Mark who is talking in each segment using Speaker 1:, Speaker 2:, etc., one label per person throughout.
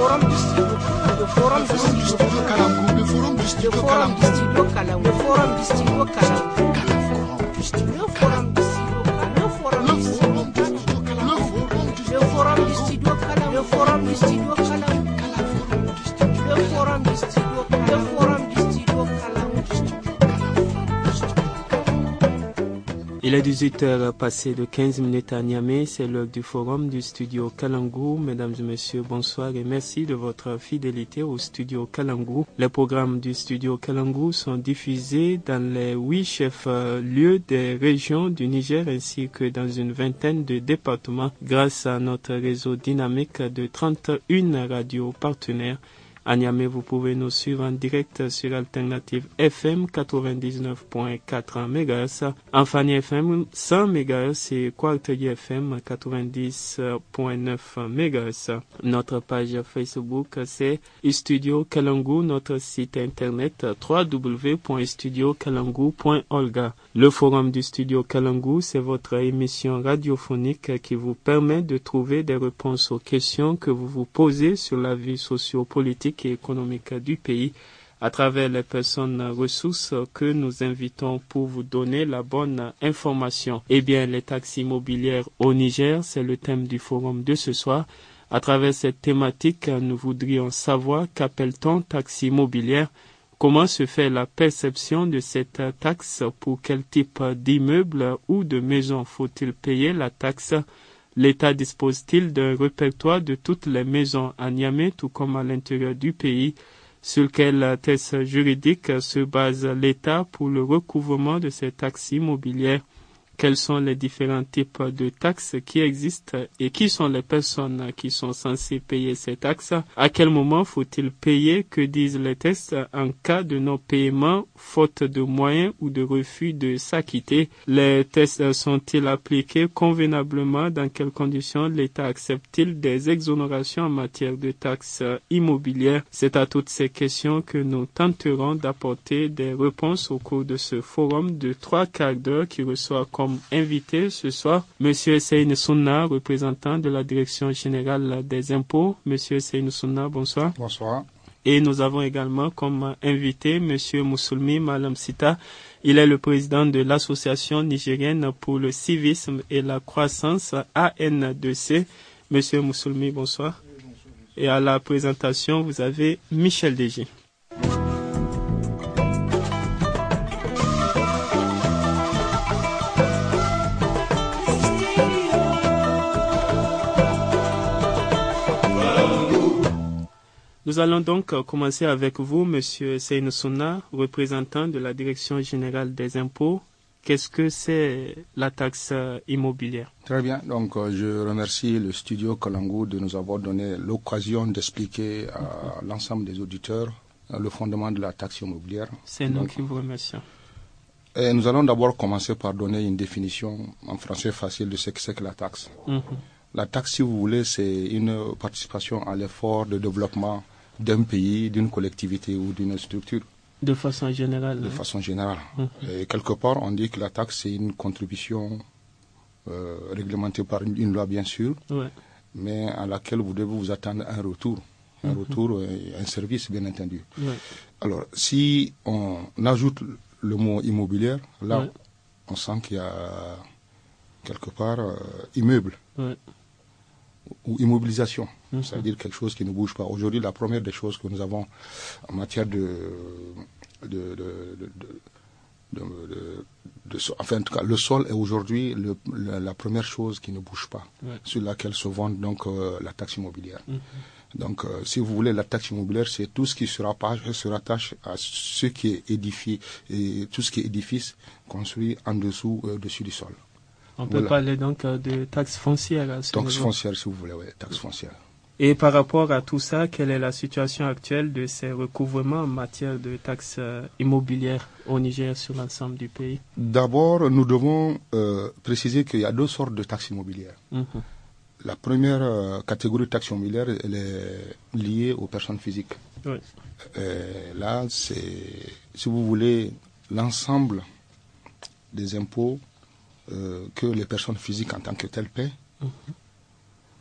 Speaker 1: forum distribution the forum distribution kalam the forum distribution kalam the forum distribution kalam the forum distribution kalam
Speaker 2: Il est
Speaker 3: 18 heures passées de 15 minutes à Niamey, c'est l'heure du forum du studio Kalangou. Mesdames et messieurs, bonsoir et merci de votre fidélité au studio Kalangou. Les programmes du studio Kalangou sont diffusés dans les huit chefs lieux des régions du Niger ainsi que dans une vingtaine de départements grâce à notre réseau dynamique de 31 radios partenaires à vous pouvez nous suivre en direct sur Alternative FM 99.4 MHz, Enfant FM 100 MHz et Quartier FM 90.9 MHz. Notre page Facebook, c'est Studio Kalangu, notre site internet www.studiokalangu.org. Le forum du Studio Kalangu, c'est votre émission radiophonique qui vous permet de trouver des réponses aux questions que vous vous posez sur la vie sociopolitique économique du pays à travers les personnes ressources que nous invitons pour vous donner la bonne information. Eh bien, les taxes immobilières au Niger, c'est le thème du forum de ce soir. À travers cette thématique, nous voudrions savoir qu'appelle-t-on taxe immobilière Comment se fait la perception de cette taxe Pour quel type d'immeuble ou de maison faut-il payer la taxe L'État dispose-t-il d'un répertoire de toutes les maisons à Niamey, tout comme à l'intérieur du pays Sur la thèse juridique se base l'État pour le recouvrement de ses taxes immobilières quels sont les différents types de taxes qui existent et qui sont les personnes qui sont censées payer ces taxes, à quel moment faut-il payer, que disent les tests en cas de non-paiement, faute de moyens ou de refus de s'acquitter, les tests sont-ils appliqués convenablement, dans quelles conditions l'État accepte-t-il des exonérations en matière de taxes immobilières, c'est à toutes ces questions que nous tenterons d'apporter des réponses au cours de ce forum de trois quarts d'heure qui reçoit invité ce soir M. Seine représentant de la Direction générale des impôts. Monsieur Seine bonsoir. Bonsoir. Et nous avons également comme invité M. Moussoulmi Malam Sita. Il est le président de l'Association nigérienne pour le civisme et la croissance AN2C. Monsieur Moussoulmi, bonsoir. Et à la présentation, vous avez Michel Dégé. Nous allons donc euh, commencer avec vous, Monsieur Seynoussouna, représentant de la Direction générale des impôts. Qu'est-ce que c'est la taxe euh, immobilière
Speaker 1: Très bien, donc euh, je remercie le studio Kalangou de nous avoir donné l'occasion d'expliquer à l'ensemble des auditeurs le fondement de la taxe immobilière. C'est nous qui vous remercions. Et nous allons d'abord commencer par donner une définition en français facile de ce que c'est que la taxe. Mhm. La taxe, si vous voulez, c'est une participation à l'effort de développement d'un pays, d'une collectivité ou d'une structure. De façon générale. De hein. façon générale. Hum. Et quelque part, on dit que la taxe, c'est une contribution euh, réglementée par une, loi, bien sûr, mais à laquelle vous devez vous attendre un retour. Un hum, hum. retour et un service, bien entendu. Alors, si on ajoute le mot immobilière, là, on sent qu'il y a quelque part euh, immeuble ou immobilisation. C'est-à-dire mmh. quelque chose qui ne bouge pas. Aujourd'hui, la première des choses que nous avons en matière de, enfin, en tout cas, le sol est aujourd'hui la première chose qui ne bouge pas, sur laquelle se vend donc euh, la taxe immobilière. Mmh. Donc, euh, si vous voulez, la taxe immobilière, c'est tout ce qui se rattache, à ce qui est édifié et tout ce qui est édifice construit en dessous, euh, dessus du sol. On peut parler
Speaker 3: donc de taxes foncière. Taxes foncière, si vous voulez, oui, taxe foncière. Et par rapport à tout ça, quelle est la situation actuelle de ces recouvrements en matière de taxes euh, immobilières au Niger sur l'ensemble du pays
Speaker 1: D'abord, nous devons euh, préciser qu'il y a deux sortes de taxes immobilières. Mhm. La première euh, catégorie de taxes immobilières, elle est liée aux personnes physiques. là, c'est, si vous voulez, l'ensemble des impôts que les personnes physiques en tant que telles paient. Mhm.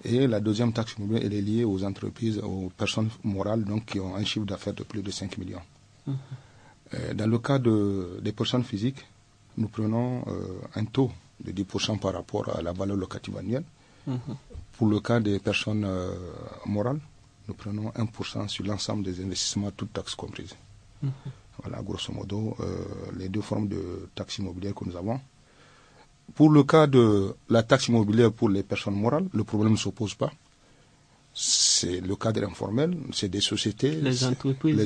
Speaker 1: Et la deuxième taxe immobilière, elle est liée aux entreprises, aux personnes morales donc, qui ont un chiffre d'affaires de plus de 5 millions. Mhm. Euh, dans le cas de, des personnes physiques, nous prenons euh, un taux de 10% par rapport à la valeur locative annuelle. Mhm. Pour le cas des personnes euh, morales, nous prenons 1% sur l'ensemble des investissements, toutes taxes comprises. Mhm. Voilà, grosso modo, les deux formes de taxes immobilières que nous avons. Pour le cas de la taxe immobilière pour les personnes morales, le problème ne s'oppose pas. C'est le cadre informel, c'est des sociétés, les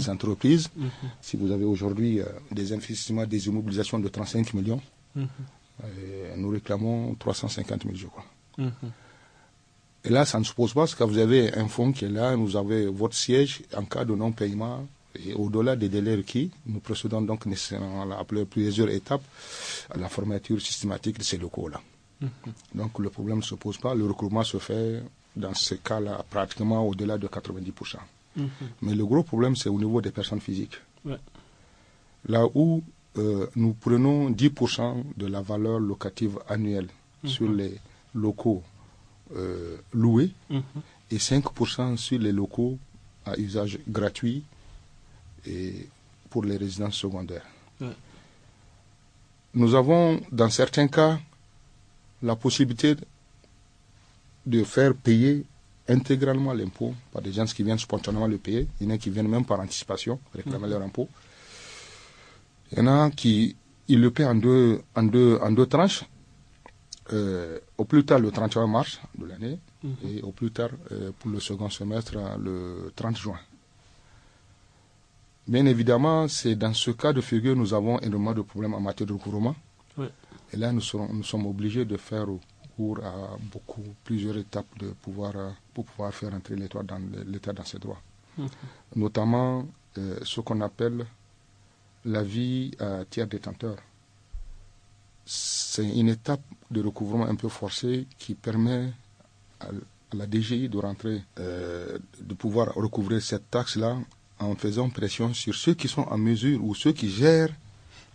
Speaker 1: entreprises. Mhm. Si vous avez aujourd'hui euh, des investissements, des immobilisations de 35 millions, mhm. euh, nous réclamons 350 000, je crois. Mhm. Et là, ça ne se pose pas parce que vous avez un fonds qui est là, vous avez votre siège en cas de non-paiement. Et au-delà des délais requis, nous procédons donc nécessairement à plusieurs étapes à la formature systématique de ces locaux-là. Mhm. Donc le problème ne se pose pas, le recrutement se fait dans ce cas-là pratiquement au-delà de 90%. Mhm. Mais le gros problème, c'est au niveau des personnes physiques. Là où euh, nous prenons 10% de la valeur locative annuelle mhm. sur les locaux euh, loués et 5% sur les locaux à usage gratuit et pour les résidences secondaires. Nous avons, dans certains cas, la possibilité de faire payer intégralement l'impôt par des gens qui viennent spontanément le payer. Il y en a qui viennent même par anticipation réclamer leur impôt. Il y en a qui le paient en deux, en deux, en deux tranches. Euh, au plus tard le 31 mars de l'année mm-hmm. et au plus tard euh, pour le second semestre le 30 juin Bien évidemment, c'est dans ce cas de figure nous avons énormément de problèmes en matière de recouvrement. Et là, nous, sommes obligés de faire recours à beaucoup, plusieurs étapes de pouvoir, pour pouvoir faire entrer l'État dans, dans, ses droits. Mhm. Notamment euh, ce qu'on appelle vie à tiers détenteur. C'est une étape de recouvrement un peu forcée qui permet à, la DGI de rentrer, euh, de pouvoir recouvrer cette taxe-là en faisant pression sur ceux qui sont en mesure ou ceux qui gèrent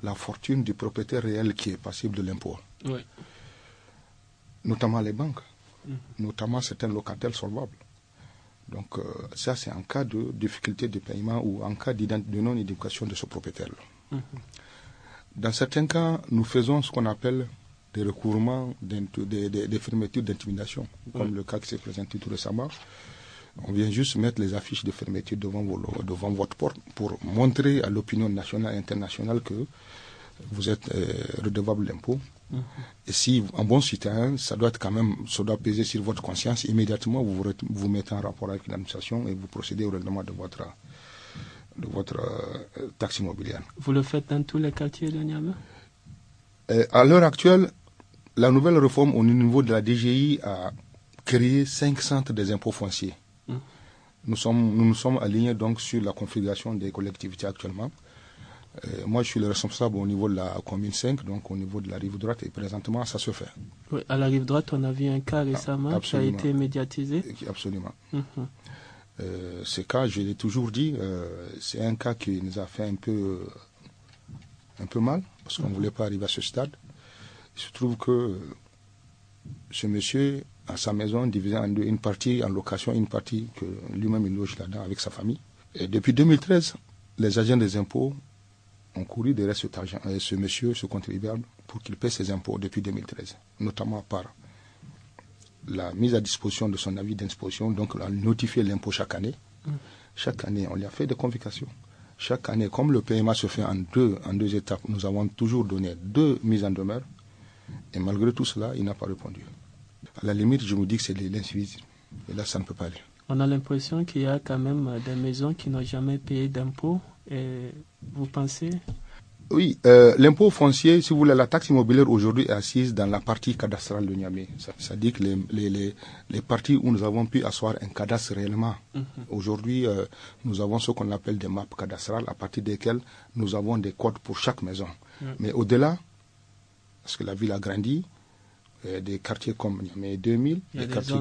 Speaker 1: la fortune du propriétaire réel qui est passible de l'impôt. Notamment les banques, mhm. notamment certains locataires solvables. Donc euh, ça, c'est en cas de difficulté de paiement ou en cas de non-éducation de ce propriétaire. Mhm. Dans certains cas, nous faisons ce qu'on appelle des recouvrements, des, fermetures d'intimidation, comme le cas qui s'est présenté tout récemment. On vient juste mettre les affiches de fermeture devant, vos, devant votre porte pour montrer à l'opinion nationale et internationale que vous êtes euh, redevable d'impôts. Mm-hmm. Et si en bon citoyen, ça doit être quand même, ça doit peser sur votre conscience. Immédiatement, vous vous mettez en rapport avec l'administration et vous procédez au règlement de votre de votre euh, taxe immobilière.
Speaker 3: Vous le faites dans tous les quartiers de Niamey
Speaker 1: euh, À l'heure actuelle, la nouvelle réforme au niveau de la DGI a créé cinq centres des impôts fonciers nous, sommes, nous sommes alignés donc sur la configuration des collectivités actuellement. Euh, moi, je suis le responsable au niveau de la commune 5, donc au niveau de la rive droite, et présentement, ça se fait.
Speaker 3: Oui, à la rive droite, on a vu un cas ah, récemment qui a été médiatisé.
Speaker 1: Absolument. Mhm. Euh, ce cas, je l'ai toujours dit, euh, c'est un cas qui nous a fait un peu, un peu mal, parce qu'on ne mhm. voulait pas arriver à ce stade. Il se trouve que ce monsieur à sa maison, divisé en deux, une partie en location, une partie que lui-même il loge là-dedans avec sa famille. Et depuis 2013, les agents des impôts ont couru derrière cet argent, euh, ce monsieur, ce contribuable, pour qu'il paie ses impôts depuis 2013, notamment par la mise à disposition de son avis d'exposition, donc on a notifié l'impôt chaque année. Mm. Chaque année, on lui a fait des convocations. Chaque année, comme le PMA se fait en deux, en deux étapes, nous avons toujours donné deux mises en demeure. Et malgré tout cela, il n'a pas répondu la limite, je me dis que c'est de Et là, ça ne peut pas aller. On a
Speaker 3: l'impression qu'il y a quand même euh, des maisons qui n'ont jamais payé d'impôts. vous pensez
Speaker 1: oui, euh, l'impôt foncier, si vous voulez, la taxe immobilière aujourd'hui est assise dans la partie cadastrale de Niamey. Ça, dit que les, parties où nous avons pu asseoir un cadastre réellement. Mhm. Aujourd'hui, euh, nous avons ce qu'on appelle des maps cadastrales, à partir desquelles nous avons des codes pour chaque maison. Mais au-delà, parce que la ville a grandi, euh, des quartiers comme mais 2000, des, quartiers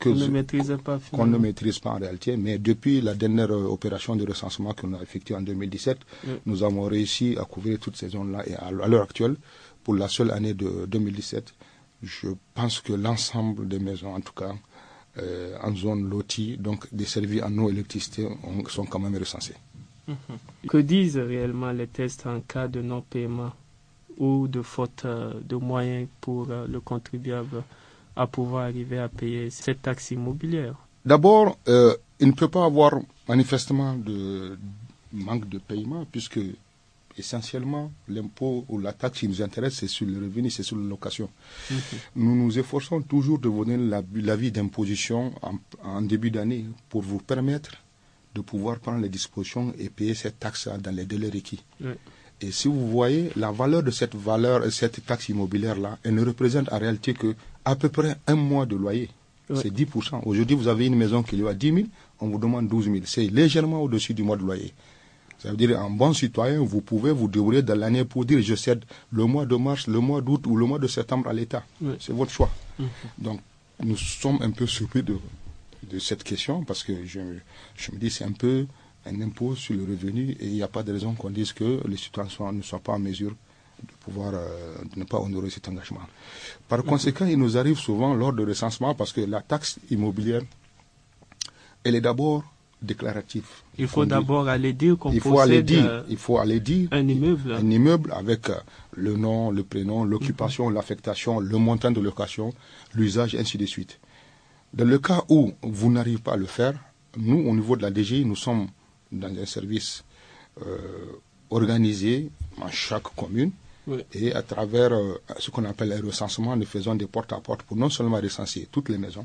Speaker 1: qu'on ne maîtrise pas. Qu'on ne maîtrise pas en réalité, mais depuis la dernière euh, opération de recensement qu'on a effectuée en 2017, nous avons réussi à couvrir toutes ces zones-là et à, l'heure actuelle, pour la seule année de 2017, je pense que l'ensemble des maisons, en tout cas, euh, en zone lotie, donc services en eau et électricité, sont quand même recensés. Mhm. Que disent réellement les
Speaker 3: tests en cas de non-paiement ou de faute euh, de moyens pour euh, le contribuable à pouvoir arriver à payer cette taxe immobilière.
Speaker 1: D'abord, euh, il ne peut pas avoir manifestement de manque de paiement puisque essentiellement l'impôt ou la taxe qui nous intéresse, c'est sur le revenu, c'est sur la location. Nous nous efforçons toujours de vous donner l'avis d'imposition en, en début d'année pour vous permettre de pouvoir prendre les dispositions et payer cette taxe dans les délais requis. Oui. Et si vous voyez la valeur de cette valeur, cette taxe immobilière-là, elle ne représente en réalité que à peu près un mois de loyer. C'est 10%. Aujourd'hui, vous avez une maison qui est à 10 000, on vous demande 12 000. C'est légèrement au-dessus du mois de loyer. Ça veut dire, en bon citoyen, vous pouvez vous débrouiller dans l'année pour dire je cède le mois de mars, le mois d'août ou le mois de septembre à l'État. C'est votre choix. Mhm. Donc, nous sommes un peu surpris de, cette question parce que je, je me dis, c'est un peu un impôt sur le revenu et il n'y a pas de raison qu'on dise que les citoyens ne soient pas en mesure de pouvoir euh, ne pas honorer cet engagement. Par conséquent, il nous arrive souvent lors de recensement parce que la taxe immobilière, elle est d'abord déclarative. Il faut d'abord
Speaker 3: aller dire qu'on possède aller euh,
Speaker 1: il faut aller dire un immeuble, un immeuble avec euh, le nom, le prénom, l'occupation, mhm. l'affectation, le montant de location, l'usage, ainsi de suite. Dans le cas où vous n'arrivez pas à le faire, nous, au niveau de la DG, nous sommes dans un service euh, organisé en chaque commune. Et à travers euh, ce qu'on appelle les recensement, nous faisons des porte à porte pour non seulement recenser toutes les maisons,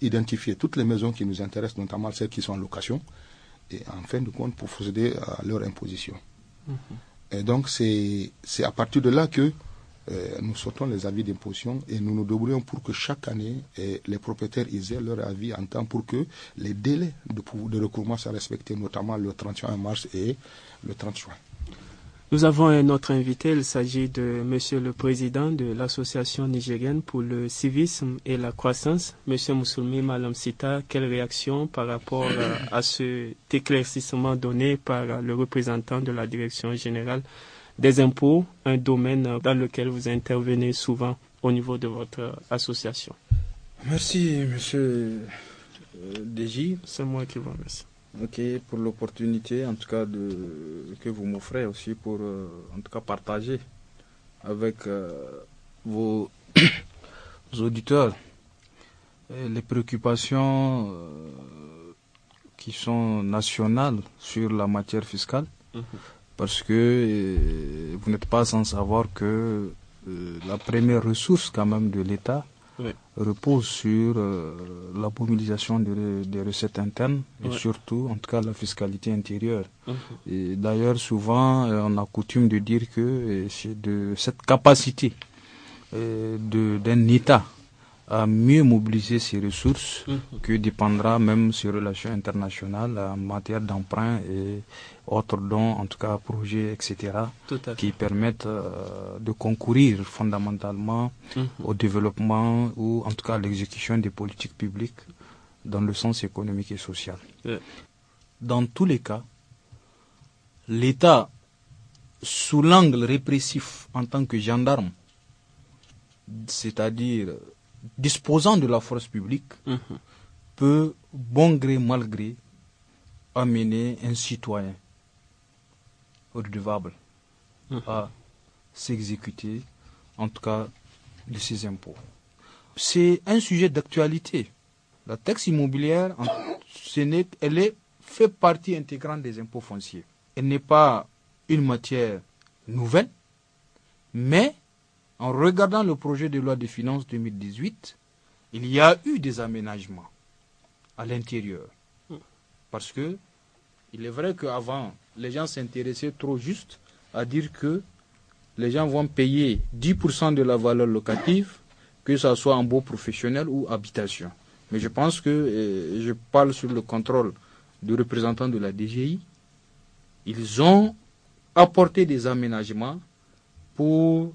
Speaker 1: identifier toutes les maisons qui nous intéressent, notamment celles qui sont en location, et en fin de compte pour procéder à leur imposition. Mhm. Et donc c'est à partir de là que euh, nous sortons les avis d'imposition et nous nous devrions pour que chaque année, euh, les propriétaires aient leur avis en temps pour que les délais de, de recouvrement soient respectés, notamment le 31 mars et le 30 juin.
Speaker 3: Nous avons un autre invité, il s'agit de Monsieur le Président de l'Association nigérienne pour le civisme et la croissance, Monsieur Moussoumi Malam Sita. Quelle réaction par rapport euh, à cet éclaircissement donné par le représentant de la Direction générale des impôts, un domaine dans lequel vous intervenez souvent au niveau de
Speaker 2: votre association. Merci, monsieur euh, Deji. C'est moi qui vous remercie. Ok, pour l'opportunité, en tout cas, de, que vous m'offrez aussi pour, euh, en tout cas, partager avec euh, vos auditeurs les préoccupations qui sont nationales sur la matière fiscale. Mhm parce que euh, vous n'êtes pas sans savoir que euh, la première ressource quand même de l'État repose sur euh, la mobilisation des, recettes internes et surtout en tout cas la fiscalité intérieure. d'ailleurs souvent on a coutume de dire que c'est de cette capacité d'un État à mieux mobiliser ses ressources mmh. que dépendra même ses relations internationales en matière d'emprunt et autres dons, en tout cas projets, etc., qui permettent euh, de concourir fondamentalement mmh. au développement ou en tout cas à l'exécution des politiques publiques dans le sens économique et social. Dans tous les cas, l'État, sous l'angle répressif en tant que gendarme, c'est-à-dire disposant de la force publique mhm. peut, bon gré, mal gré, amener un citoyen redevable mhm. à s'exécuter, en tout cas, de ses impôts. C'est un sujet d'actualité. La taxe immobilière, elle est, fait partie intégrante des impôts fonciers. Elle n'est pas une matière nouvelle, mais en regardant le projet de loi de finances 2018, il y a eu des aménagements à l'intérieur. Hmm. Parce que il est vrai qu'avant, les gens s'intéressaient trop juste à dire que les gens vont payer 10% de la valeur locative, que ce soit en beau professionnel ou habitation. Mais je pense que, euh, je parle sur le contrôle du représentant de la DGI, ils ont apporté des aménagements pour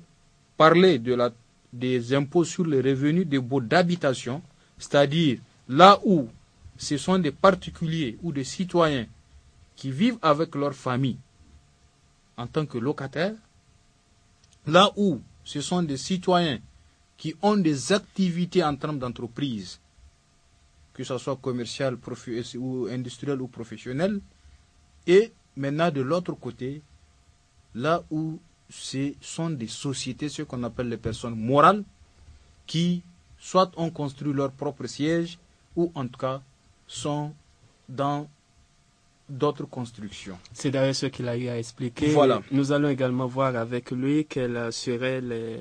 Speaker 2: parler de la, des impôts sur les revenus des baux d'habitation, c'est-à-dire là où ce sont des particuliers ou des citoyens qui vivent avec leur famille en tant que locataires, là où ce sont des citoyens qui ont des activités en termes d'entreprise, que ce soit commercial euh, ou industriel ou professionnel, et maintenant de l'autre côté, là où ce sont des sociétés, ce qu'on appelle les personnes morales, qui soit ont construit leur propre siège, ou en tout cas sont dans d'autres constructions. C'est d'ailleurs ce qu'il a eu à expliquer. Voilà. Nous
Speaker 3: allons également voir avec lui quels seraient les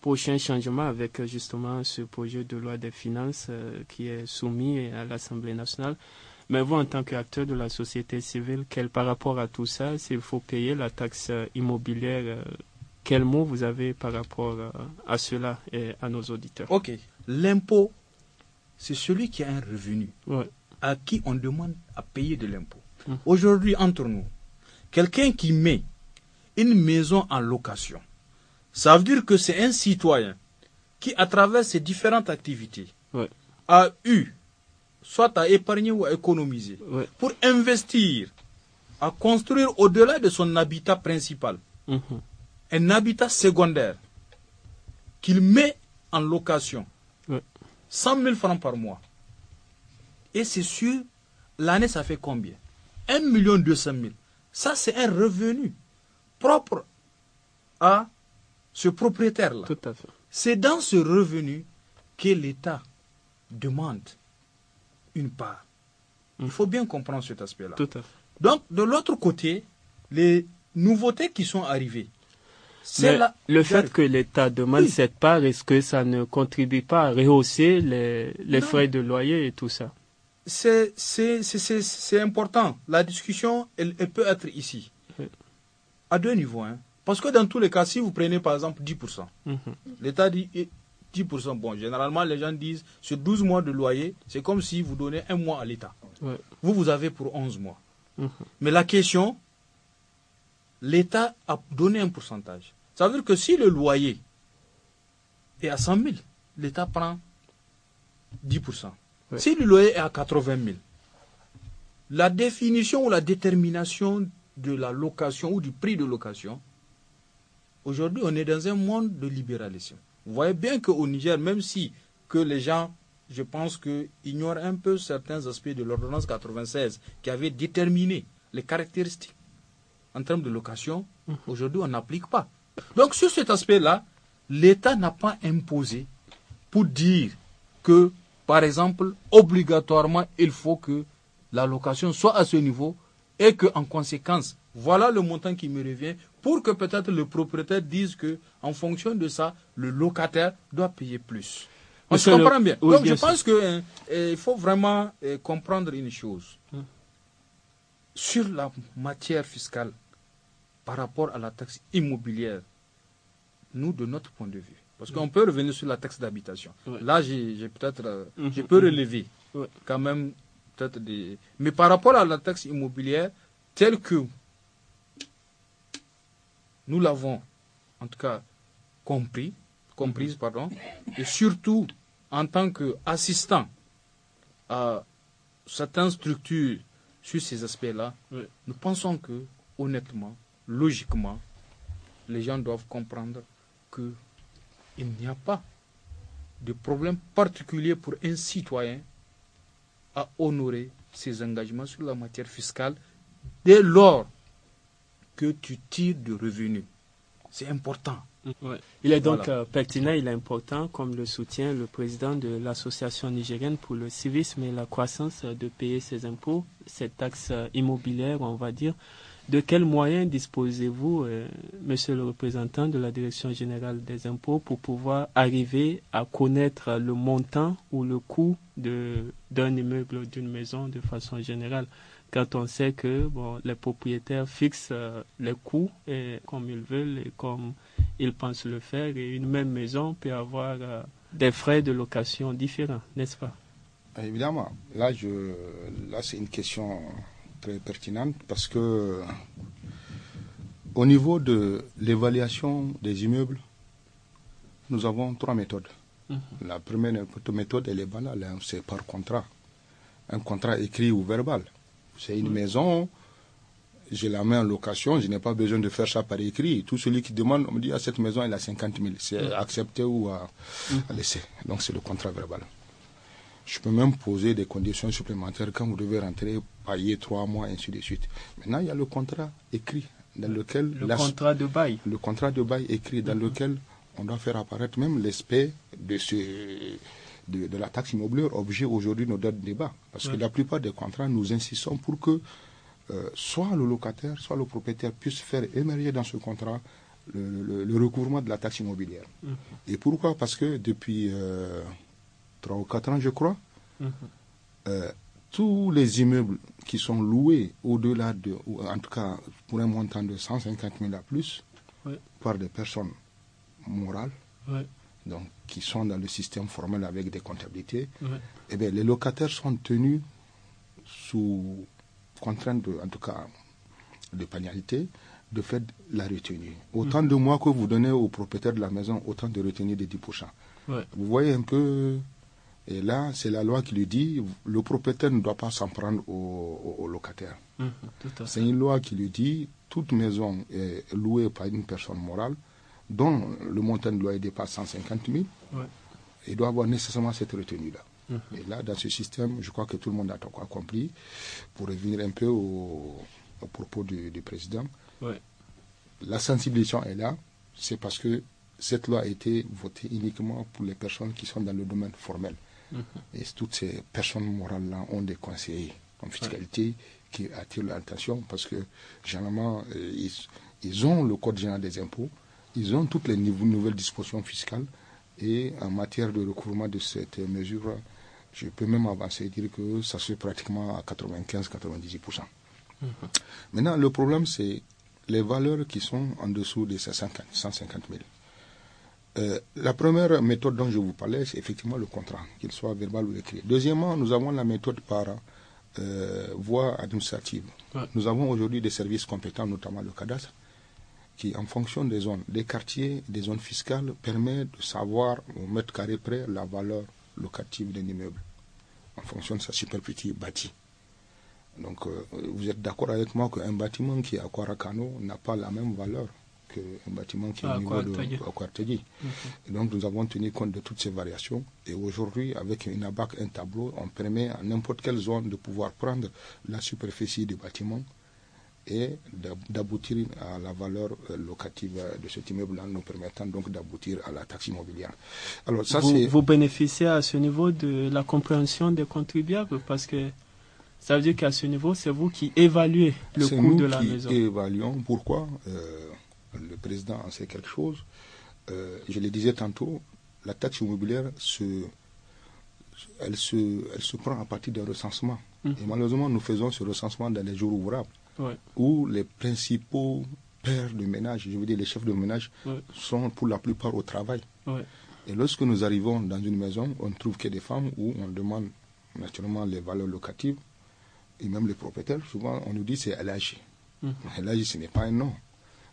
Speaker 3: prochains changements avec justement ce projet de loi des finances euh, qui est soumis à l'Assemblée nationale. Mais vous, en tant qu'acteur de la société civile, quel par rapport à tout ça, s'il faut payer la taxe euh, immobilière, euh, quel mot vous avez par rapport euh, à, cela et à nos auditeurs
Speaker 2: Ok. L'impôt, c'est celui qui a un revenu, à qui on demande à payer de l'impôt. Hum. Aujourd'hui, entre nous, quelqu'un qui met une maison en location, ça veut dire que c'est un citoyen qui, à travers ses différentes activités, a eu soit à épargner ou à économiser, pour investir, à construire au-delà de son habitat principal, mhm. un habitat secondaire qu'il met en location, 100 000 francs par mois. Et c'est sûr, l'année, ça fait combien 1 million 200 000. Ça, c'est un revenu propre à ce propriétaire-là. C'est dans ce revenu que l'État demande une part. Il mm. faut bien comprendre cet aspect-là. Donc, de l'autre côté, les nouveautés qui sont arrivées. C'est Le fait que l'État
Speaker 3: demande cette part, est-ce que ça ne contribue pas à rehausser les, frais de loyer et tout ça
Speaker 2: C'est important. La discussion, elle, peut être ici. À deux niveaux. Hein. Parce que dans tous les cas, si vous prenez par exemple 10%, mhm. l'État dit eh, 10%. Bon, généralement, les gens disent, sur 12 mois de loyer, c'est comme si vous donnez un mois à l'État. Vous, vous avez pour 11 mois. Mhm. Mais la question, l'État a donné un pourcentage. Ça veut dire que si le loyer est à 100 000, l'État prend 10%. Si le loyer est à 80 000, la définition ou la détermination de la location ou du prix de location, aujourd'hui, on est dans un monde de libéralisme. Vous voyez bien qu'au Niger, même si les gens, je pense, que ignorent un peu certains aspects de l'ordonnance 96 qui avait déterminé les caractéristiques en termes de location, mhm. aujourd'hui on n'applique pas. Donc sur cet aspect-là, l'État n'a pas imposé pour dire que, par exemple, obligatoirement, il faut que la location soit à ce niveau et qu'en conséquence, voilà le montant qui me revient, pour que peut-être le propriétaire dise que, en fonction de ça, le locataire doit payer plus. On bien. Donc je pense qu'il hein, eh, faut vraiment eh, comprendre une chose. Hum. Sur la matière fiscale, par rapport à la taxe immobilière, nous, de notre point de vue, parce qu'on hum. peut revenir sur la taxe d'habitation. Là, j'ai peut-être, euh, hum. je peux relever quand même peut-être des. Mais par rapport à la taxe immobilière, telle que nous l'avons, en tout cas, compris, comprise, mhm. pardon, et surtout en tant qu'assistant à certaines structures sur ces aspects-là, nous pensons que, honnêtement, logiquement, les gens doivent comprendre qu'il n'y a pas de problème particulier pour un citoyen à honorer ses engagements sur la matière fiscale dès lors que tu tires de revenus. C'est important. Il est donc euh, pertinent, il est important, comme le soutient
Speaker 3: le président de l'Association nigérienne pour le civisme et la croissance, euh, de payer ses impôts, cette taxe euh, immobilière, on va dire. De quels moyens disposez-vous, monsieur le représentant de la Direction générale des impôts, pour pouvoir arriver à connaître le montant ou le coût d'un immeuble, d'une maison de façon générale quand on sait que bon, les propriétaires fixent euh, les coûts comme ils veulent et comme ils pensent le faire. Et une même maison peut avoir euh, des frais de location différents, n'est-ce pas
Speaker 1: Évidemment. Là, je, là c'est une question très pertinente parce que au niveau de l'évaluation des immeubles, nous avons trois méthodes. Mhm. La première méthode, elle est banale, hein, c'est par contrat. Un contrat écrit ou verbal. C'est une maison, je la mets en location, je n'ai pas besoin de faire ça par écrit. Tout celui qui demande, on me dit, à ah, cette maison, elle a 50 000. C'est mm. accepté ou à, laisser. Donc, c'est le contrat verbal. Je peux même poser des conditions supplémentaires quand vous devez rentrer, payer trois mois, ainsi de suite. Maintenant, il y a le contrat écrit dans lequel... Le contrat de bail. Le contrat de bail écrit dans mm-hmm. lequel on doit faire apparaître même l'aspect de ce de, la taxe immobilière, objet aujourd'hui de notre débat. Parce que la plupart des contrats, nous insistons pour que euh, soit le locataire, soit le propriétaire puisse faire émerger dans ce contrat le, recouvrement de la taxe immobilière. Mm-hmm. Et pourquoi Parce que depuis euh, 3 ou 4 ans, je crois, mm-hmm. euh, tous les immeubles qui sont loués au-delà de, en tout cas pour un montant de 150 000 à plus, par des personnes morales, donc qui sont dans le système formel avec des comptabilités, eh bien, les locataires sont tenus sous contrainte, de, en tout cas de pénalité, de faire la retenue. Autant mhm. de mois que vous donnez au propriétaire de la maison, autant de retenue des 10%. Ouais. Vous voyez un peu, et là, c'est la loi qui lui dit, le propriétaire ne doit pas s'en prendre au, au, locataire.
Speaker 4: Mhm, c'est
Speaker 1: une loi qui le dit, toute maison est louée par une personne morale dont le montant de loyer pas 150 000, il doit avoir nécessairement cette retenue-là. Mhm. Et là, dans ce système, je crois que tout le monde a compris. Pour revenir un peu au, propos du, président, la sensibilisation est là, c'est parce que cette loi a été votée uniquement pour les personnes qui sont dans le domaine formel. Mhm. Et toutes ces personnes morales-là ont des conseillers en fiscalité qui attirent l'attention parce que généralement, euh, ils ont le code général des impôts, ils ont toutes les nouvelles dispositions fiscales et en matière de recouvrement de cette mesure, je peux même avancer et dire que ça se fait pratiquement à 95-98%. Mhm. Maintenant, le problème, c'est les valeurs qui sont en dessous de ces 150 000. la première méthode dont je vous parlais, c'est effectivement le contrat, qu'il soit verbal ou écrit. Deuxièmement, nous avons la méthode par euh, voie administrative. Nous avons aujourd'hui des services compétents, notamment le cadastre, qui, en fonction des zones, des quartiers, des zones fiscales, permet de savoir au mètre carré près la valeur locative d'un immeuble, en fonction de sa superficie bâtie. Donc, euh, vous êtes d'accord avec moi qu'un bâtiment qui est à Quaracano n'a pas la même valeur qu'un bâtiment qui est au niveau de, Donc, nous avons tenu compte de toutes ces variations. Et aujourd'hui, avec une abac, un tableau, on permet à n'importe quelle zone de pouvoir prendre la superficie du bâtiment et d'aboutir à la valeur euh, locative euh, de cet immeuble en nous permettant donc d'aboutir à la taxe immobilière. Alors ça vous, vous
Speaker 3: bénéficiez à ce niveau de la compréhension des contribuables parce que ça veut dire qu'à ce niveau, c'est vous qui évaluez le coût de la qui maison.
Speaker 1: Évaluons pourquoi euh, le président en sait quelque chose. je le disais tantôt, la taxe immobilière se, elle se, elle se prend à partir d'un recensement. Mmh. Et malheureusement, nous faisons ce recensement dans les jours ouvrables où les principaux pères de ménage, je veux dire les chefs de ménage, sont pour la plupart au travail. Et lorsque nous arrivons dans une maison, on ne trouve que des femmes où on demande naturellement les valeurs locatives et même les propriétaires. Souvent, on nous dit c'est LHG. Hum. ce n'est pas un nom.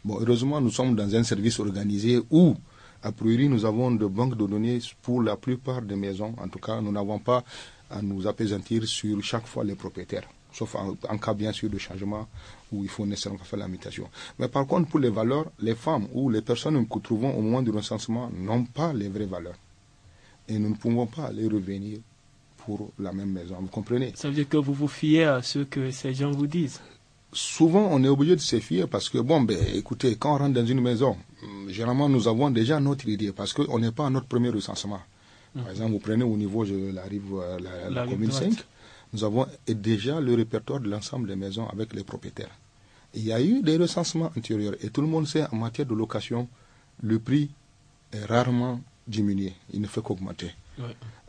Speaker 1: Bon, heureusement, nous sommes dans un service organisé où a priori, nous avons de banques de données pour la plupart des maisons. En tout cas, nous n'avons pas à nous appesantir sur chaque fois les propriétaires sauf en, cas bien sûr de changement où il faut nécessairement faire la mutation. Mais par contre, pour les valeurs, les femmes ou les personnes que nous trouvons au moment du recensement n'ont pas les vraies valeurs. Et nous ne pouvons pas les revenir pour la même maison, vous comprenez Ça veut dire que vous vous fiez à ce que ces gens vous disent Souvent, on est obligé de se fier parce que, bon, ben, écoutez, quand on rentre dans une maison, hum, généralement, nous avons déjà notre idée parce qu'on n'est pas à notre premier recensement. Hum. Par exemple, vous prenez au niveau de la rive, euh, la, la commune 5, nous avons déjà le répertoire de l'ensemble des maisons avec les propriétaires. Il y a eu des recensements antérieurs et tout le monde sait en matière de location, le prix est rarement diminué, il ne fait qu'augmenter.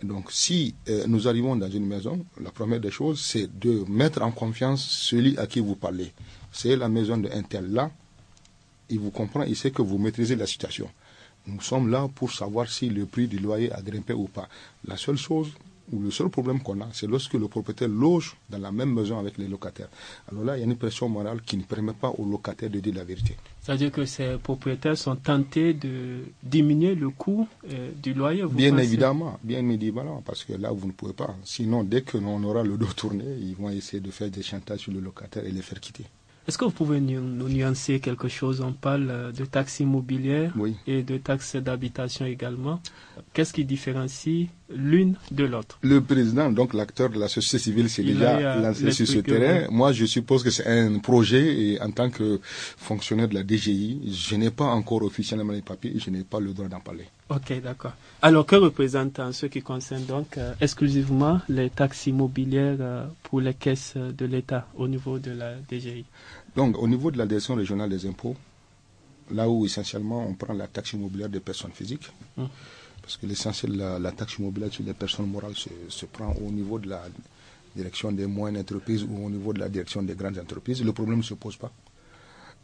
Speaker 1: Donc si euh, nous arrivons dans une maison, la première des choses, c'est de mettre en confiance celui à qui vous parlez. C'est la maison d'un tel là, il vous comprend, il sait que vous maîtrisez la situation. Nous sommes là pour savoir si le prix du loyer a grimpé ou pas. La seule chose où le seul problème qu'on a, c'est lorsque le propriétaire loge dans la même maison avec les locataires. Alors là, il y a une pression morale qui ne permet pas aux locataires de dire la vérité.
Speaker 3: C'est-à-dire que ces propriétaires sont tentés de diminuer le coût euh, du loyer Bien évidemment,
Speaker 1: bien évidemment, parce que là, vous ne pouvez pas. Sinon, dès que l'on aura le dos tourné, ils vont essayer de faire des chantages sur le locataire et les faire quitter.
Speaker 3: Est-ce que vous pouvez nous nuancer quelque chose On parle euh, de taxes immobilières et de taxes d'habitation également. Qu'est-ce qui différencie l'une de l'autre.
Speaker 1: Le président, donc l'acteur de la société civile, s'est déjà euh, lancé sur ce terrain. Moi, je suppose que c'est un projet et en tant que fonctionnaire de la DGI, je n'ai pas encore officiellement les papiers et je n'ai pas le droit d'en parler.
Speaker 3: Ok, d'accord. Alors, que représente en euh, ce qui concerne donc euh, exclusivement les taxes immobilières pour les caisses de l'État au niveau de la DGI
Speaker 1: Donc, au niveau de la direction régionale des impôts, là où essentiellement on prend la taxe immobilière des personnes physiques, hum parce que l'essentiel, de la, taxe immobilière sur les personnes morales se, prend au niveau de la direction des moyennes entreprises ou au niveau de la direction des grandes entreprises. Le problème ne se pose pas.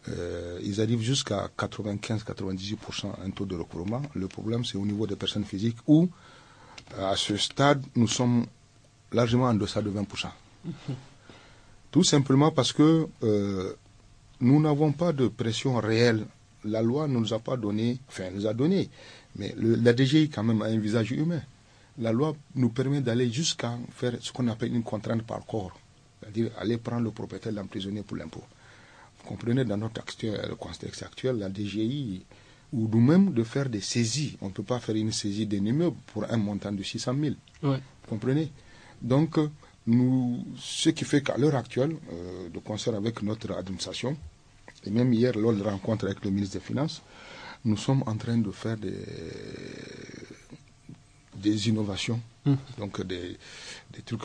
Speaker 1: Euh, ils arrivent jusqu'à 95-98% un taux de recouvrement. Le problème, c'est au niveau des personnes physiques où, euh, à ce stade, nous sommes largement en deçà de 20%. Tout simplement parce que euh, nous n'avons pas de pression réelle. La loi ne nous a pas donné, enfin, nous a donné mais la DGI, quand même, a un visage humain. La loi nous permet d'aller jusqu'à faire ce qu'on appelle une contrainte par corps, c'est-à-dire aller prendre le propriétaire, l'emprisonner pour l'impôt. Vous comprenez, dans notre contexte actuel, la DGI, ou nous-mêmes de faire des saisies. On ne peut pas faire une saisie d'un immeuble pour un montant de 600 000. Vous comprenez Donc, ce qui fait qu'à l'heure actuelle, euh, de concert avec notre administration, et même hier, lors de la rencontre avec le ministre des Finances, nous sommes en train de faire des, des innovations, hum. donc des, trucs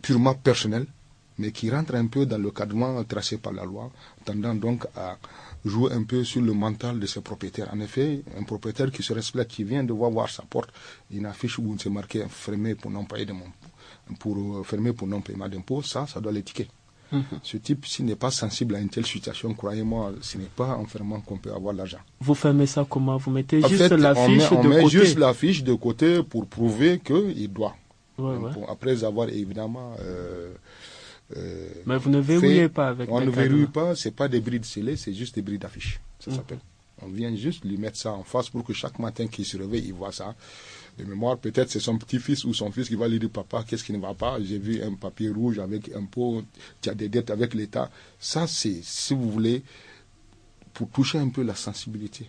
Speaker 1: purement personnels, mais qui rentrent un peu dans le cadre tracé par la loi, tendant donc à jouer un peu sur le mental de ses propriétaires. En effet, un propriétaire qui se respecte, qui vient de voir, sa porte, une affiche où il s'est marqué fermé pour non payer de mon, pour pour non paiement d'impôt, ça, ça doit l'étiqueter. Mhm. Ce type, s'il n'est pas sensible à une telle situation, croyez-moi, ce n'est pas en fermant qu'on peut avoir l'argent.
Speaker 3: Vous fermez ça comment Vous mettez juste l'affiche de côté On met juste
Speaker 1: l'affiche de côté pour prouver qu'il doit. après avoir évidemment... Euh, euh, Mais vous ne verrouillez pas avec On ne verrouille pas, ce n'est pas des brides scellées, c'est juste des brides d'affiche ça mhm. s'appelle. On vient juste lui mettre ça en face pour que chaque matin qu'il se réveille, il voit ça de mémoire. Peut-être c'est son petit-fils ou son fils qui va lui dire Papa, qu'est-ce qui ne va pas J'ai vu un papier rouge avec un pot, tu as des dettes avec l'État. Ça, c'est, si vous voulez, pour toucher un peu la sensibilité.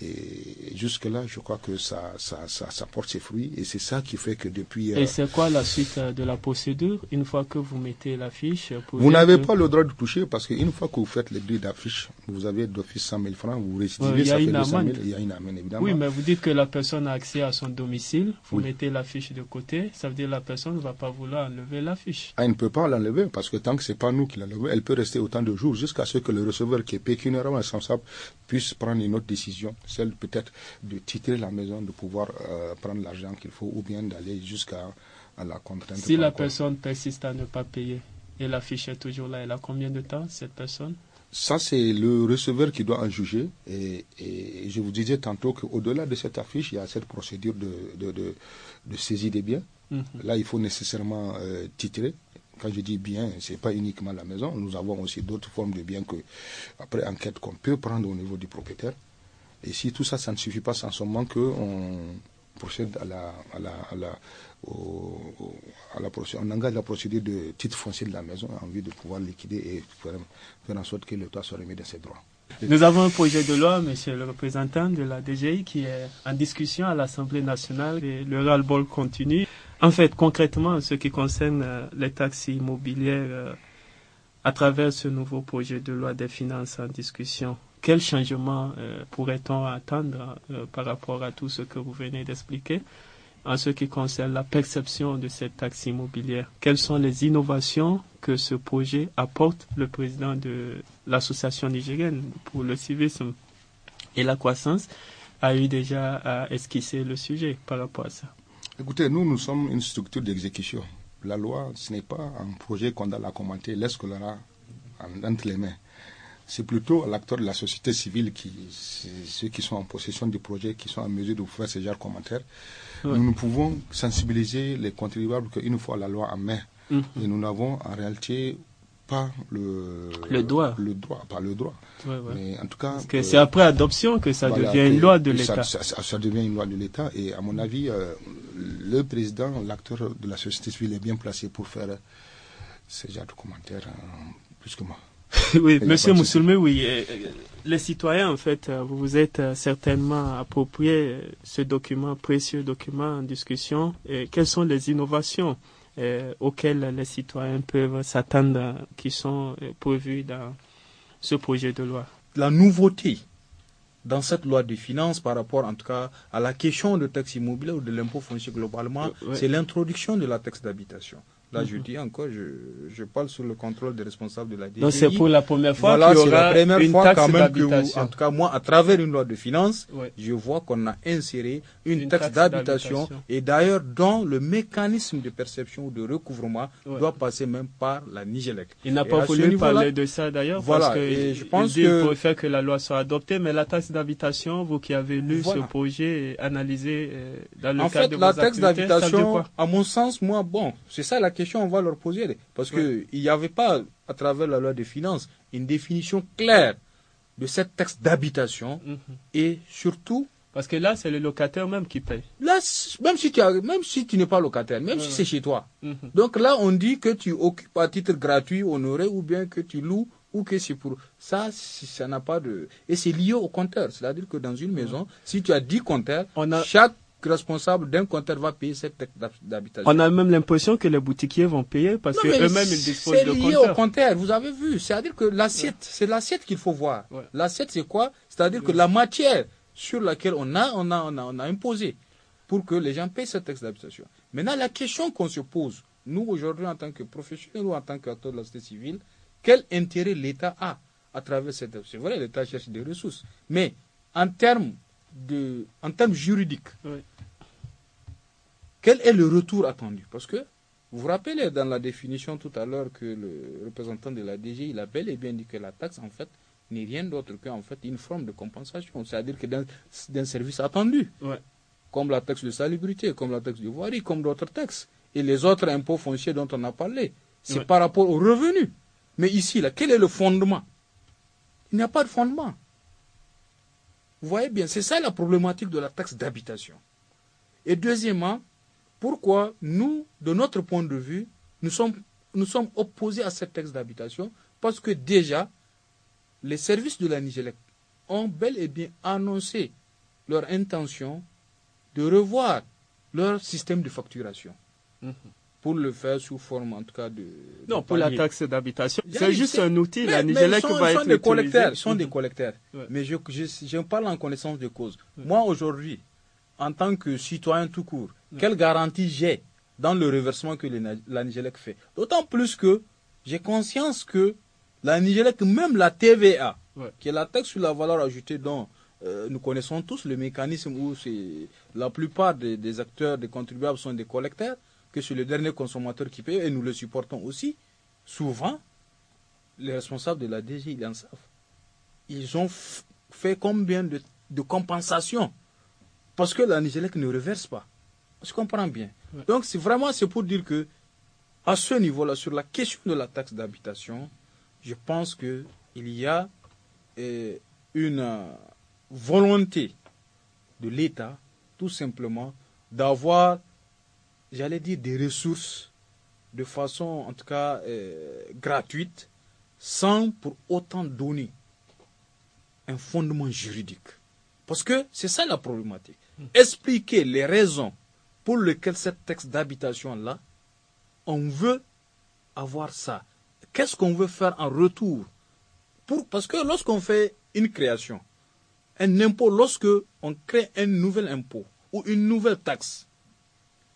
Speaker 1: Et jusque-là, je crois que ça, ça, ça, porte ses fruits. Et c'est ça qui fait que depuis. Euh, Et
Speaker 3: c'est quoi la suite euh, de la procédure Une fois que vous mettez l'affiche euh, Vous n'avez pas
Speaker 1: le droit de toucher parce qu'une fois que vous faites les grilles d'affiche, vous avez d'office 100 000 francs, vous récidivez, ça fait 200 il y a une amende, évidemment. Oui,
Speaker 3: mais vous dites que la personne a accès à son domicile, vous mettez l'affiche de côté, ça veut dire que la personne ne va pas vouloir enlever l'affiche.
Speaker 1: Ah, elle ne peut pas l'enlever parce que tant que ce n'est pas nous qui l'enlevons, elle peut rester autant de jours jusqu'à ce que le receveur qui est pécuniairement responsable puisse prendre une autre décision, celle peut-être de titrer la maison, de pouvoir euh, prendre l'argent qu'il faut ou bien d'aller jusqu'à la contrainte. Si la personne
Speaker 3: persiste à ne pas payer et l'affiche est toujours là, elle a combien de temps cette personne
Speaker 1: ça, c'est le receveur qui doit en juger. Et, je vous disais tantôt qu'au-delà de cette affiche, il y a cette procédure de, saisie des biens. Mhm. Là, il faut nécessairement euh, titrer quand je dis bien, ce n'est pas uniquement la maison. Nous avons aussi d'autres formes de biens que, après enquête, qu'on peut prendre au niveau du propriétaire. Et si tout ça, ça ne suffit pas, sans en ce moment qu'on procède à la, procédure, on engage la procédure de titre foncier de la maison en vue de pouvoir liquider et faire, en sorte que le toit soit remis dans ses droits. Nous
Speaker 3: avons un projet de loi, monsieur le représentant de la DGI, qui est en discussion à l'Assemblée nationale et le ras le continue. En fait, concrètement, ce qui concerne euh, les taxes immobilières, euh, à travers ce nouveau projet de loi des finances en discussion, quel changement euh, pourrait-on attendre euh, par rapport à tout ce que vous venez d'expliquer en ce qui concerne la perception de cette taxe immobilière. Quelles sont les innovations que ce projet apporte le président de l'association nigérienne pour le civisme et la croissance a eu déjà à esquisser le sujet par rapport à ça.
Speaker 1: Écoutez, nous, nous sommes une structure d'exécution. La loi, ce n'est pas un projet qu'on a la commenter, laisse a entre les mains c'est plutôt l'acteur de la société civile qui, ceux qui sont en possession du projet, qui sont en mesure de faire ce genre de commentaires. Nous, ne pouvons sensibiliser les contribuables qu'une fois la loi en main, hum. et nous n'avons en réalité pas le, le droit. Le droit, pas le droit. Mais en tout cas. Euh, c'est après adoption que ça devient une loi de l'État. Ça, devient une loi de l'État. Et à mon avis, euh, le président, l'acteur de la société civile est bien placé pour faire ce genre de commentaires, hein, plus que moi. oui, Monsieur Moussoulmé, oui. Euh,
Speaker 3: euh, les citoyens, en fait, euh, vous vous êtes certainement approprié ce document, précieux document en discussion. quelles sont les innovations auxquelles les citoyens peuvent s'attendre,
Speaker 2: qui sont prévues dans ce projet de loi La nouveauté dans cette loi de finances par rapport en tout cas à la question de taxe immobilière ou de l'impôt foncier globalement, c'est l'introduction de la taxe d'habitation. Là, je mhm. dis encore, je, parle sous le contrôle des responsables de la DGI. Donc, c'est pour la première fois qu'il y aura une taxe quand en tout cas, moi, à travers une loi de finances, je vois qu'on a inséré une, taxe, d'habitation et d'ailleurs, dont le mécanisme de perception ou de recouvrement doit passer même par la Nigelec. Il n'a pas voulu parler de ça d'ailleurs voilà, parce que je pense
Speaker 3: faire que la loi soit adoptée, mais la taxe d'habitation, vous qui avez lu ce projet et analysé euh, dans le en cadre fait, de la taxe d'habitation,
Speaker 2: à mon sens, moi, bon, c'est ça la question on va leur poser. Parce que qu'il n'y avait pas, à travers la loi des finances, une définition claire de cette taxe d'habitation mhm. et surtout. Parce que là, c'est le locataire même qui paye. Là, même si tu, as, même si tu n'es pas locataire, même si c'est chez toi. Mhm. Donc là, on dit que tu occupes à titre gratuit, honoré, ou bien que tu loues, ou que c'est pour. Ça, ça n'a pas de. Et c'est lié au compteur. C'est-à-dire que dans une maison, si tu as 10 compteurs, on a... chaque responsable d'un compteur va payer cette taxe d'habitation. On a
Speaker 3: même l'impression que les boutiquiers vont payer parce que eux-mêmes ils disposent de C'est au
Speaker 2: compteur, vous avez vu. C'est-à-dire que l'assiette, c'est l'assiette qu'il faut voir. L'assiette, c'est quoi C'est-à-dire que la matière sur laquelle on a, on a, imposé pour que les gens payent cette taxe d'habitation. Maintenant, la question qu'on se pose, nous aujourd'hui en tant que professionnels ou en tant qu'acteurs de la société civile, quel intérêt l'État a à travers cette... C'est vrai, l'État cherche des ressources, mais en termes en termes juridiques, quel est le retour attendu Parce que vous vous rappelez dans la définition tout à l'heure que le représentant de la DG, il a bel et bien dit que la taxe, en fait, n'est rien d'autre qu'en fait une forme de compensation. C'est-à-dire que d'un service attendu, comme la taxe de salubrité, comme la taxe de voirie, comme d'autres taxes, et les autres impôts fonciers dont on a parlé, c'est par rapport au revenus. Mais ici, là, quel est le fondement Il n'y a pas de fondement. Vous voyez bien, c'est ça la problématique de la taxe d'habitation. Et deuxièmement, pourquoi nous, de notre point de vue, nous sommes, nous sommes opposés à cette taxe d'habitation Parce que déjà, les services de la Nigélect ont bel et bien annoncé leur intention de revoir leur système de facturation. Mhm pour le faire sous forme en tout cas de... Non, pour la taxe d'habitation. C'est juste un outil, mais, la Nigélec va sont être des collecteurs, sont des collecteurs. Mais je, parle en connaissance de cause. Moi aujourd'hui, en tant que citoyen tout court, quelle garantie j'ai dans le reversement que la Nigélec fait D'autant plus que j'ai conscience que la Nigélec, même la TVA, qui est la taxe sur la valeur ajoutée dont euh, nous connaissons tous le mécanisme où la plupart des acteurs, des contribuables sont des collecteurs, que c'est le dernier consommateur qui paye, et nous le supportons aussi, souvent, les responsables de la DG, ils en savent. Ils ont fait combien de, de compensations Parce que la Nigélec ne reverse pas. Je comprends bien. Donc, c'est vraiment c'est pour dire que, à ce niveau-là, sur la question de la taxe d'habitation, je pense qu'il y a eh, une euh, volonté de l'État, tout simplement, d'avoir j'allais dire, des ressources de façon en tout cas euh, gratuite, sans pour autant donner un fondement juridique. Parce que c'est ça la problématique. Hmm. Expliquer les raisons pour lesquelles cette texte d'habitation-là, on veut avoir ça. Qu'est-ce qu'on veut faire en retour Parce que lorsqu'on fait une création, un impôt, lorsque on crée un nouvel impôt ou une nouvelle taxe,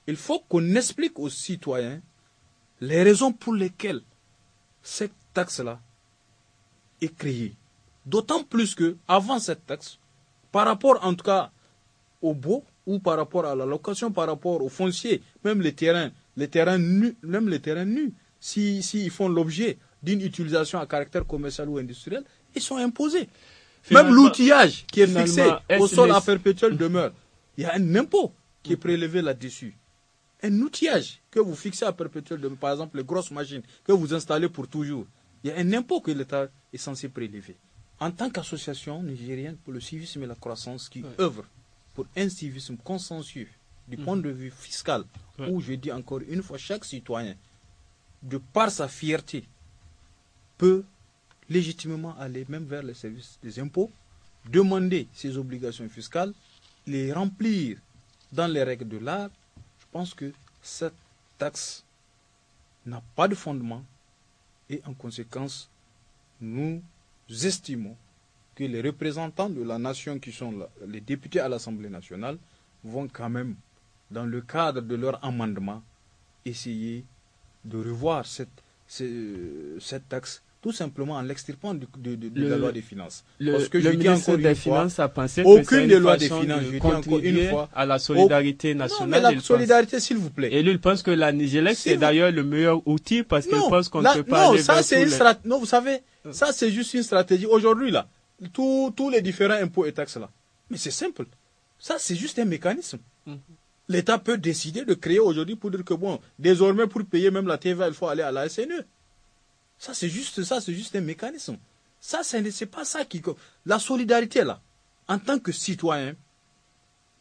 Speaker 2: il faut qu'on explique aux citoyens les raisons pour lesquelles cette taxe-là est créée. D'autant plus que avant cette taxe, par rapport en tout cas au beau ou par rapport à la location, par rapport au foncier, même les terrains, les terrains nus, même les terrains nus, s'ils si, font l'objet d'une utilisation à caractère commercial ou industriel, ils sont imposés. même l'outillage qui est fixé au sol à perpétuel demeure. Il y a un impôt qui est mm. prélevé là-dessus un outillage que vous fixez à perpétuel par exemple, les grosses machines que vous installez pour toujours. Il y a un impôt que l'État est censé prélever. En tant qu'association nigérienne pour le civisme et la croissance qui œuvre pour un civisme consensueux du mhm. point de vue fiscal, où je dis encore une fois, chaque citoyen, de par sa fierté, peut légitimement aller même vers le service des impôts, demander ses obligations fiscales, les remplir dans les règles de l'art, je pense que cette taxe n'a pas de fondement et en conséquence, nous estimons que les représentants de la nation qui sont les députés à l'Assemblée nationale, vont quand même, dans le cadre de leur amendement, essayer de revoir cette, cette taxe tout simplement en l'extirpant de, la loi des finances. Le, Parce que je des Finances a pensé aucune des lois des finances, une fois, à la solidarité nationale. mais la solidarité,
Speaker 3: s'il vous plaît. Et lui, il pense que la Nigélex c'est d'ailleurs le meilleur outil parce qu'il pense qu'on ne peut pas. Non, aller ça c'est
Speaker 2: Non, vous savez, euh. ça c'est juste une stratégie. Aujourd'hui là, tous les différents impôts et taxes là, mais c'est simple. Ça c'est juste un mécanisme. Mm. L'État peut décider de créer aujourd'hui pour dire que bon, désormais pour payer même la TVA, il faut aller à la SNE. Ça, c'est juste ça, c'est juste un mécanisme. Ça, c'est pas ça qui... La solidarité, là, en tant que citoyen,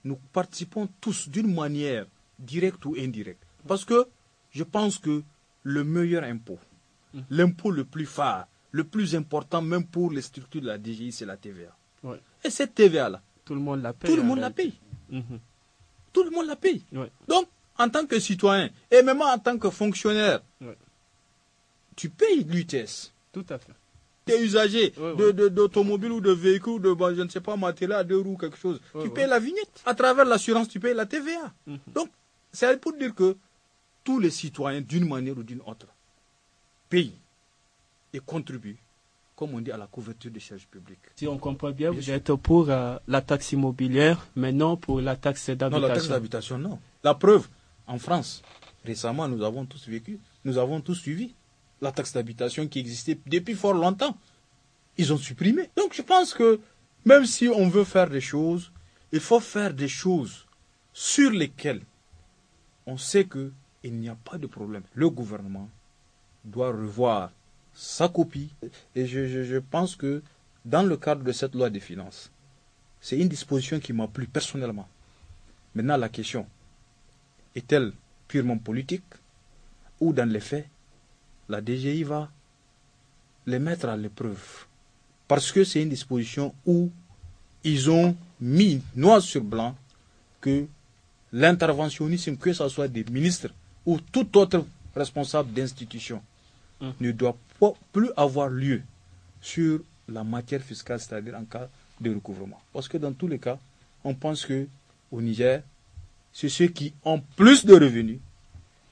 Speaker 2: nous participons tous d'une manière directe ou indirecte. Parce que je pense que le meilleur impôt, mmh. l'impôt le plus phare, le plus important même pour les structures de la DGI, c'est la TVA. Et cette TVA-là, tout le monde la paye. Tout le monde la paye. Mmh. Tout le monde la paye. Donc, en tant que citoyen, et même en tant que fonctionnaire, tu payes l'UTS. Tout à fait. Tu es usagé de d'automobile ou de véhicule, de, bah, je ne sais pas, matelas, deux roues, quelque chose. tu payes la vignette. À travers l'assurance, tu payes la TVA. Mhm. Donc, c'est pour dire que tous les citoyens, d'une manière ou d'une autre, payent et contribuent comme on dit, à la couverture des charges publiques. Si on comprend bien, vous êtes
Speaker 3: pour euh, la taxe immobilière,
Speaker 2: mais non pour la taxe d'habitation. Non, la taxe d'habitation, non. La preuve, en France, récemment, nous avons tous vécu, nous avons tous suivi la taxe d'habitation qui existait depuis fort longtemps. Ils ont supprimé. Donc je pense que même si on veut faire des choses, il faut faire des choses sur lesquelles on sait que il n'y a pas de problème. Le gouvernement doit revoir sa copie. Et je, je pense que dans le cadre de cette loi des finances, c'est une disposition qui m'a plu personnellement. Maintenant, la question est-elle purement politique ou dans les faits, la DGI va les mettre à l'épreuve. Parce que c'est une disposition où ils ont mis noir sur blanc que l'interventionnisme, que ce soit des ministres ou tout autre responsable d'institution, hum. ne doit pas plus avoir lieu sur la matière fiscale, c'est-à-dire en cas de recouvrement. Parce que dans tous les cas, on pense que au Niger, c'est ceux qui ont plus de revenus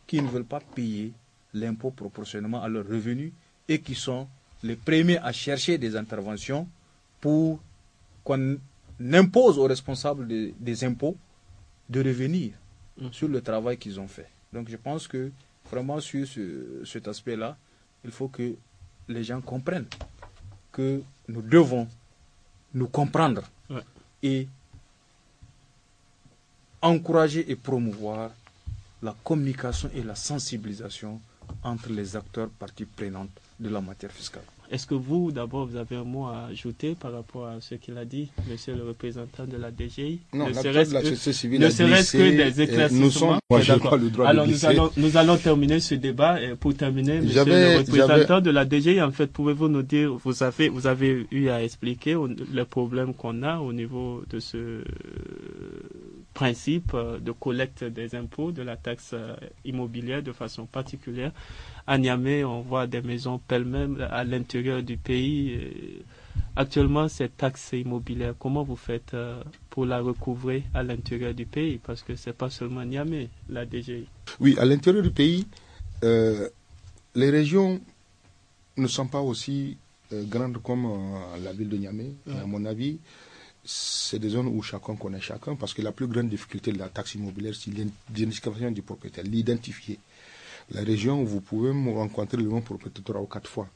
Speaker 2: qui ne veulent pas payer l'impôt proportionnellement à leurs revenus et qui sont les premiers à chercher des interventions pour qu'on impose aux responsables des impôts de revenir mm. sur le travail qu'ils ont fait. Donc je pense que vraiment sur cet aspect-là, il faut que les gens comprennent que nous devons nous comprendre et encourager et promouvoir la communication et la sensibilisation entre les acteurs parties prenantes de la matière fiscale.
Speaker 3: Est-ce que vous, d'abord, vous avez un mot à ajouter par rapport à ce qu'il a dit, monsieur le représentant de la DGI ne serait-ce que, des
Speaker 2: éclaircissements. Nous
Speaker 1: sommes, Alors, nous, allons,
Speaker 3: nous allons, terminer ce débat. pour terminer, monsieur le représentant de la DGI, en fait, pouvez-vous nous dire, vous avez, vous avez eu à expliquer les problèmes qu'on a au niveau de ce principe euh, de collecte des impôts, de la taxe euh, immobilière de façon particulière. À Niamey, on voit des maisons pêle mêmes à l'intérieur du pays. Actuellement, cette taxe immobilière, comment vous faites euh, pour la recouvrer à l'intérieur du pays Parce que ce n'est pas seulement Niamey, la DGI.
Speaker 1: Oui, à l'intérieur du pays, les régions ne sont pas aussi grandes comme la ville de Niamey. À mon avis, c'est des zones où chacun connaît chacun, parce que la plus grande difficulté de la taxe immobilière, c'est l'identification du propriétaire, l'identifier. La région où vous pouvez rencontrer le bon propriétaire trois ou quatre fois.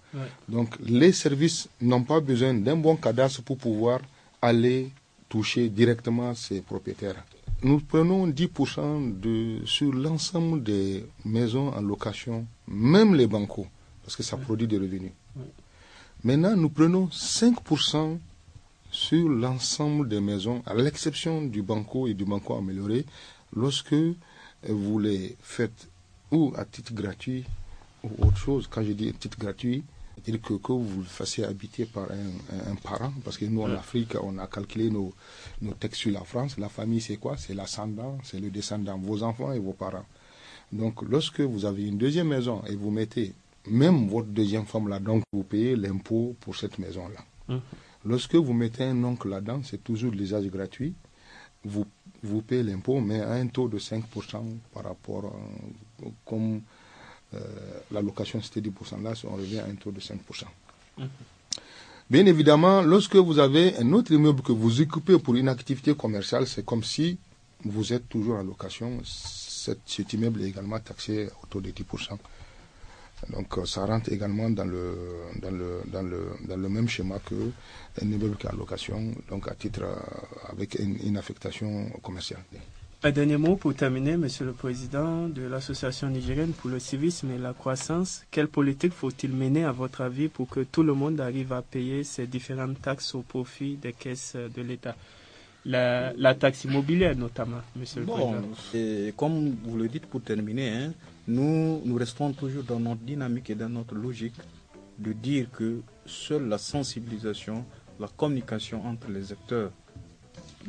Speaker 1: Donc, les services n'ont pas besoin d'un bon cadastre pour pouvoir aller toucher directement ces propriétaires. Nous prenons 10% de, sur l'ensemble des maisons en location, même les bancos, parce que ça produit des revenus. Maintenant, nous prenons 5% sur l'ensemble des maisons, à l'exception du banco et du banco amélioré, lorsque vous les faites ou à titre gratuit ou autre chose. Quand je dis à titre gratuit, c'est-à-dire que, que, vous le fassiez habiter par un, parent, parce que nous, en mm. Afrique, on a calculé nos, nos textes sur la France. La famille, c'est quoi C'est l'ascendant, c'est le descendant, vos enfants et vos parents. Donc, lorsque vous avez une deuxième maison et vous mettez même votre deuxième femme là, donc vous payez l'impôt pour cette maison-là. Mm. Lorsque vous mettez un oncle là-dedans, c'est toujours l'usage gratuit. Vous, vous payez l'impôt, mais à un taux de 5% par rapport, à, euh, comme euh, la location c'était 10%, là on revient à un taux de 5%. Mm-hmm. Bien évidemment, lorsque vous avez un autre immeuble que vous occupez pour une activité commerciale, c'est comme si vous êtes toujours en location. Cet, cet immeuble est également taxé au taux de 10%. Donc euh, ça rentre également dans le, dans le, dans le, dans le même schéma que un immeuble location, donc à titre euh, avec une, affectation commerciale.
Speaker 3: Un dernier mot pour terminer, Monsieur le Président de l'Association nigérienne pour le civisme et la croissance. Quelle politique faut-il mener, à votre avis, pour que tout le monde arrive à payer ses différentes taxes au profit des caisses de l'État la, taxe immobilière, notamment, Monsieur le
Speaker 2: Président. comme vous le dites pour terminer, hein. Nous, restons toujours dans notre dynamique et dans notre logique de dire que seule la sensibilisation, la communication entre les acteurs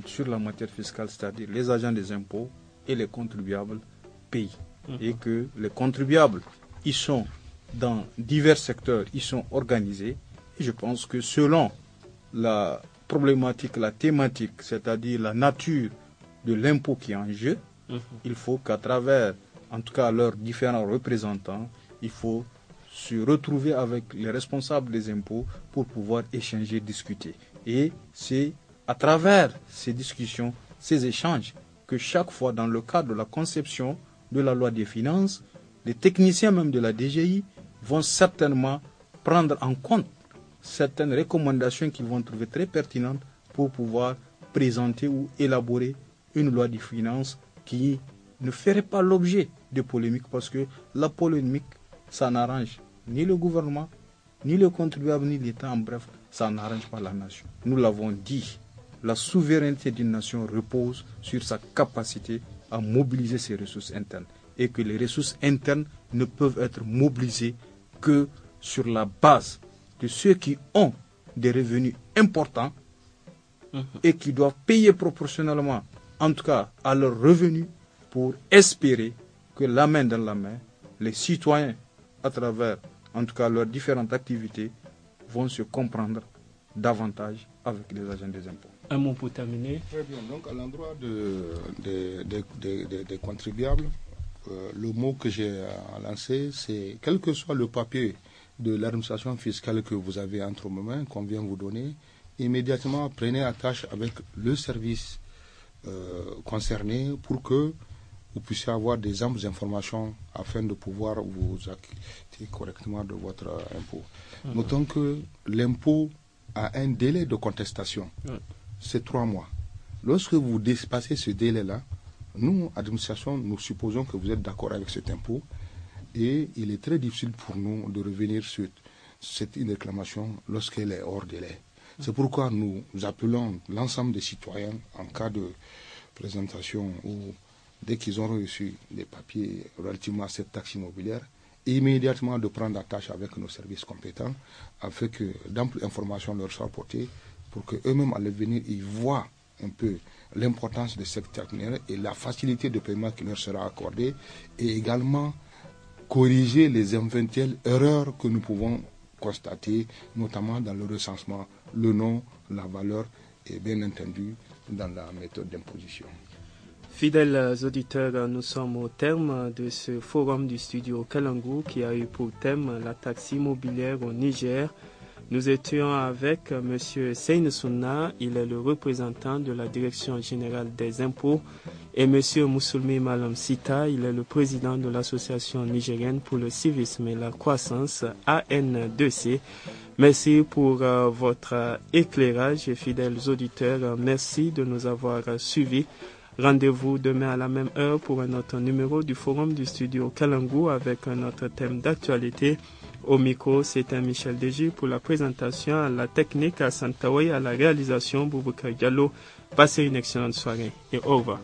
Speaker 2: sur la matière fiscale, c'est-à-dire les agents des impôts et les contribuables, pays. Mhm. Et que les contribuables, ils sont dans divers secteurs, ils sont organisés. Et je pense que selon la problématique, la thématique, c'est-à-dire la nature de l'impôt qui est en jeu, mhm. il faut qu'à travers en tout cas leurs différents représentants, il faut se retrouver avec les responsables des impôts pour pouvoir échanger, discuter. Et c'est à travers ces discussions, ces échanges, que chaque fois, dans le cadre de la conception de la loi des finances, les techniciens même de la DGI vont certainement prendre en compte certaines recommandations qu'ils vont trouver très pertinentes pour pouvoir présenter ou élaborer une loi des finances qui ne ferait pas l'objet de polémiques parce que la polémique, ça n'arrange ni le gouvernement, ni le contribuable, ni l'État. En bref, ça n'arrange pas la nation. Nous l'avons dit, la souveraineté d'une nation repose sur sa capacité à mobiliser ses ressources internes et que les ressources internes ne peuvent être mobilisées que sur la base de ceux qui ont des revenus importants mhm. et qui doivent payer proportionnellement, en tout cas à leurs revenus, pour espérer que la main dans la main, les citoyens, à travers, en tout cas, leurs différentes activités, vont se comprendre davantage avec les agents des impôts.
Speaker 1: Un mot pour terminer. Très bien. Donc, à l'endroit des contribuables, euh, le mot que j'ai lancé, c'est quel que soit le papier de l'administration fiscale que vous avez entre vos mains, qu'on vient vous donner, immédiatement prenez attache avec le service euh, concerné pour que vous puissiez avoir des amples informations afin de pouvoir vous acquitter correctement de votre euh, impôt. Mmh. Notons que l'impôt a un délai de contestation, mmh. c'est trois mois. Lorsque vous dépassez ce délai-là, nous, administration, nous supposons que vous êtes d'accord avec cet impôt et il est très difficile pour nous de revenir sur cette réclamation lorsqu'elle est hors délai. Mmh. C'est pourquoi nous appelons l'ensemble des citoyens en cas de présentation ou dès qu'ils ont reçu les papiers relativement à cette taxe immobilière, immédiatement de prendre la tâche avec nos services compétents, afin que d'amples informations leur soient apportées pour qu'eux-mêmes, à l'avenir, ils voient un peu l'importance de cette immobilière et la facilité de paiement qui leur sera accordée et également corriger les éventuelles erreurs que nous pouvons constater, notamment dans le recensement, le nom, la valeur et bien entendu dans la méthode d'imposition. Fidèles auditeurs, nous sommes au
Speaker 3: terme de ce forum du studio Kalangou qui a eu pour thème la taxe immobilière au Niger. Nous étions avec M. Seynesouna, il est le représentant de la Direction générale des impôts, et M. Moussoumi Malam Sita, il est le président de l'Association nigérienne pour le civisme et la croissance, AN2C. Merci pour euh, votre éclairage, fidèles auditeurs. Merci de nous avoir suivis. Rendez-vous demain à la même heure pour un autre numéro du Forum du studio Kalangou avec un autre thème d'actualité. Au micro, c'était Michel Deji pour la présentation à la technique à Santaoui à la réalisation Boubouka Diallo. Passez une excellente soirée et au revoir.